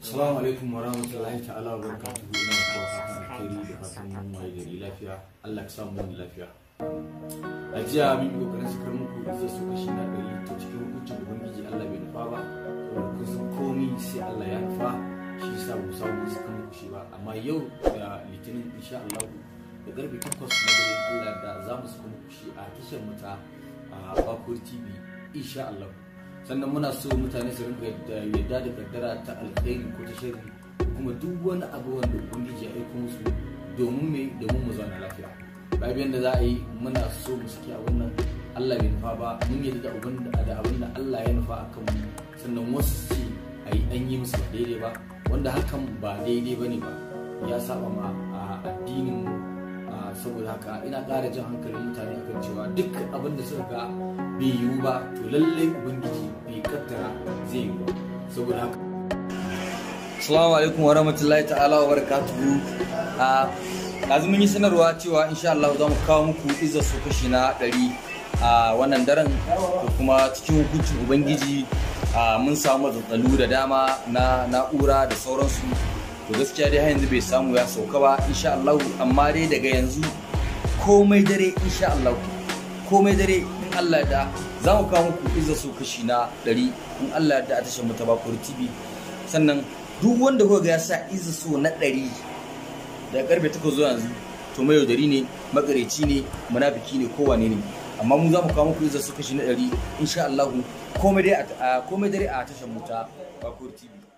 Assalamu alaikum wa rahmatullahi ta'ala wa barakatuhu ina da kawo fatan alkhairi da fatan mun waye gari lafiya Allah ka samu wani lafiya. A jiya mun yi kokarin sakar muku da zai so kashi na ɗari ta cikin hukuncin ubangiji Allah bai nufa ba saboda kun sai Allah ya nufa shi sa mu samu sakar muku shi ba amma yau da litinin insha Allah da garbi takwas na dare Allah da za mu sakar muku shi a tashar mu a Bakur TV insha Allah. sannan muna so mutane su rinka yadda da kaddara ta alkhairi ko ta shari kuma duk wani abu wanda ubangiji ya aiko musu domin me domin mu zauna lafiya babu da za a yi muna so mu saki a wannan Allah bai nufa ba mun yadda da abin da abin Allah ya nufa akan mu sannan wasu ce a yi an yi musu ba daidai ba wanda hakan ba daidai ba ne ba ya saba ma a addinin mu saboda haka ina ƙara jan hankalin mutane akan cewa duk abin da suka ga bai yiwu ba to lallai ubangiji Salamu zai alaikum wa rahmatullahi ta'ala wa barakatuhu a yanzu mun yi sanarwa cewa insha Allah za mu kawo muku izar su kashi na ɗari a wannan daren da kuma cikin hukuncin ubangiji a mun samu zazzalu da dama na na'ura da sauransu to gaskiya dai har yanzu bai samu ya sauka ba insha Allah amma dai daga yanzu komai dare insha Allah komai dare in Allah da za mu kawo muku izar su kashi na ɗari in Allah da a tashar mu ta sannan duk wanda kuka ga ya sa izar su na ɗari da karfe takwas zuwa yanzu to mai yaudari ne magareci ne munafiki ne kowane ne amma mu za mu kawo muku izar su kashi na ɗari insha Allah komai dai a tashar mu ta